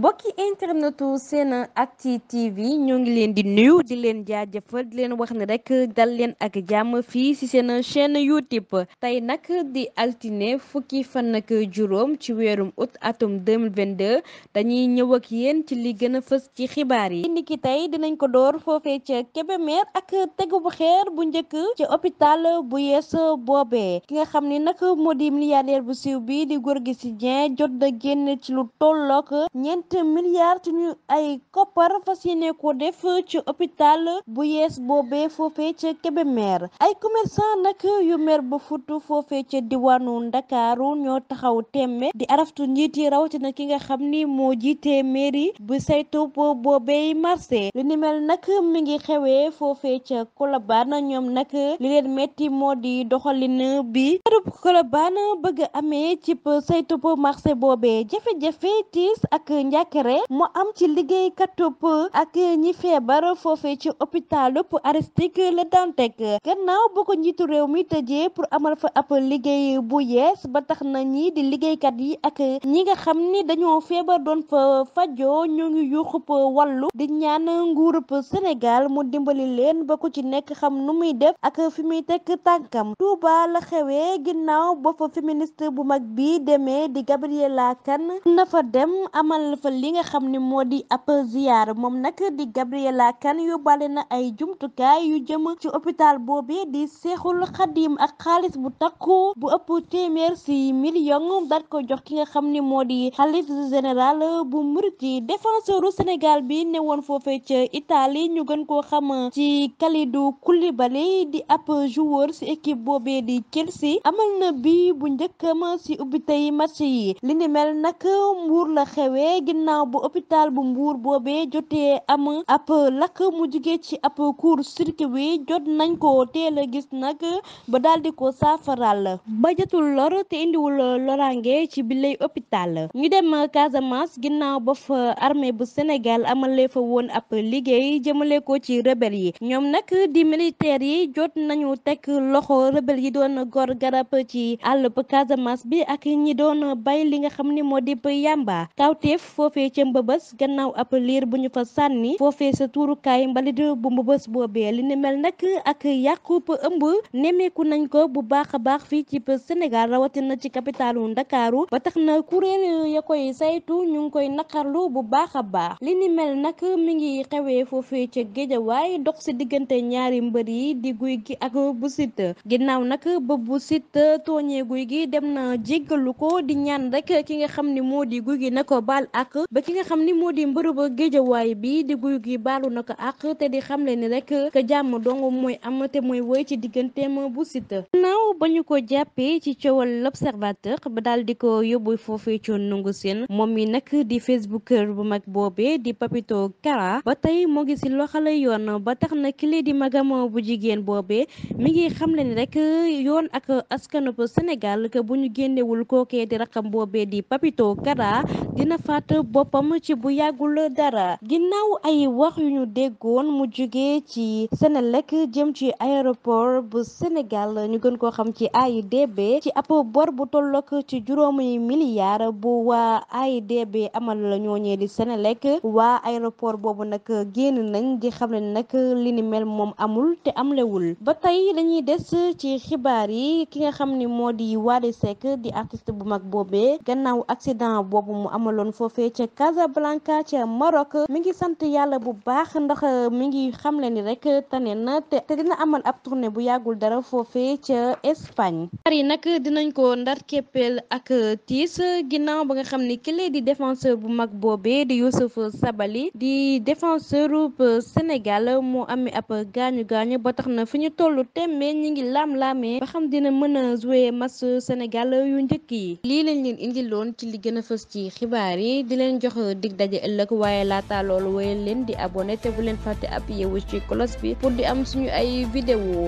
mbokki internetu seen acti tv ñoo ngi leen di nuyu di leen jaajëfal di leen wax ni rek dal leen ak jàmm fii ci seen chaîne youtube tey nag di altine fukki fan juróom ci weerum août atum 2022 dañuy ñëw ak yéen ci li gën a fës ci xibaar yi niki tey dinañ ko door foofee ca Kébémer ak tegu bu xeer bu njëkk ci hôpital bu yees boobee ki nga xam ni nag moo di bu siiw bi di gi ci Dieng jot na génn ci lu tollook ñeent ñetti ci ñu ay koppar fas yéene ko def ci hôpital bu yees boobee foofee ca Kébémer ay commerçant nag yu mer ba futu foofee ca diwaanu Ndakaaru ñoo taxaw temme di araftu njiit yi rawatina ki nga xam ni moo jiite meri bu saytu boobee marché lu ni mel nag mi ngi xewee foofee ca Colobane ñoom nag li leen metti moo di doxalin bi kërub Colobane bëgg amee ci saytu marché boobe jafe-jafe tiis ak njàkkare mu am ci liggéeykat topp ak ñi feebar foofee ci hôpitalu Aristide Le Dantec gannaaw bu ko njiitu réew mi tëjee pour amal fa ab liggéey bu yees ba tax na ñii di liggéeykat yi ak ñi nga xam ni dañoo feebar doon fa fajoo ñu ngi yuuxub wallu di ñaan nguurub Sénégal mu dimbali leen ba ko ci nekk xam nu muy def ak fi muy teg tànkam Touba la xewee ginnaaw ba fa féministe bu mag bi demee di Gabriela Kane na fa dem amal fa li nga xam ne moo di ab ziyaar moom nag di Gabriella Kane yóbbaale na ay jumtukaay yu jëm ci hôpital boobee di Seexul Xadim ak xaalis bu takku bu ëpp téeméer si million daat ko jox ki nga xam ni moo di xalif général bu murit yi défenseuru Sénégal bi ne woon foofee ca Italie ñu gën koo xam ci Kalidou Koulibaly di ab joueur si équipe boobee di Chelsea amal na bi bu njëkkam si ubbi tey match yi li ni mel nag mbuur la xewee gannaaw bu hôpital bu mbuur boobee jotee am ab lakk mu jugee ci ab court-circuit wi jot nañ ko teel a gis nag ba daldi di ko saafaral ba jotul lor te indiwul loraange ci bilay hôpital ñu dem Casamance ginnaaw ba fa armée bu Sénégal amalee fa woon ab liggéey jëmale ko ci rebel yi ñoom nag di militaires yi jot nañu tekk loxo rebel yi doon gor garab ci àll ba Casamance bi ak ñi doon bay li nga xam ni moo di yàmba kawteef foofee ca mbëbës gannaaw ab liir bu ñu fa sànni foofee sa tuurukaay mbalit bu mbëbës boobee li ni mel nag ak yàqub ëmb nemmeeku nañ ko bu baax a baax fii ci Sénégal rawatina ci capitalu Ndakaaru ba tax na kuréel ya koy saytu ñu ngi koy naqarlu bu baax a baax li ni mel nag mi ngi xewee foofee ca géejawaay dox si diggante ñaari mbër yi di guy gi ak bu site ginnaaw nag ba bu site tooñee guy gi dem na jéggalu ko di ñaan rek ki nga xam ni moo di guy àq ba ki nga xam ni moo di mbërëb géejawaay bi di guy gi baalu na ko àq te di xamle ni rek jàmm dong mooy am te mooy woy ci digganteem bu Siteu gannaaw ba ñu ko jàppee ci coowal l'observateur ba dal di ko yóbbu foofee ci nungu seen moom mi nag di facebooker bu mag boobee di papito kara ba tey moo ngi si loxale yoon ba tax na kile di magam bu jigéen boobee mi ngi xamle ni rek yoon ak askanub senegal que bu ñu génnewul kookee di raqam boobee di papitoo kara boppam ci bu yàggul dara ginnaaw ay wax yu ñu déggoon mu jóge ci Senelec jëm ci aéroport bu Sénégal ñu gën koo xam ci AIBD ci ab bor bu tollook ci juróomi milliard bu waa AIBD amal la ñooñee di Senelec waa aéroport boobu nag génn nañ di xam ne nag li ni mel moom amul te amlewul ba tey dañuy des ci xibaar yi ki nga xam ni moo di Wally Seck di artiste bu mag boobee gannaaw accident boobu mu amaloon foofee foofee ca Casablanca ca Maroc mi ngi sant yàlla bu baax ndax euh, mi ngi xamle ni rek tane na te dina amal ab tournée bu yàggul dara foofee ca Espagne. xar yi nag dinañ ko ndar képpeel ak euh, tiis ginnaaw ba nga xam ni kile di défenseur bu mag boobee di Youssouf Sabali di défenseur bu euh, Sénégal moo amee ab gaañu gaañu ba tax na fi ñu tollu tembee ñu ngi laam-laamee ba xam dina mën a jouer match yu njëkk yi lii lañ leen indiloon ci li gën fës ci xibaar yi leen jox dig daje ëllëg waaye laata loolu wéyal leen di abone te bu leen fàtte appuyé wu ci cloche bi pour di am suñu ay vidéo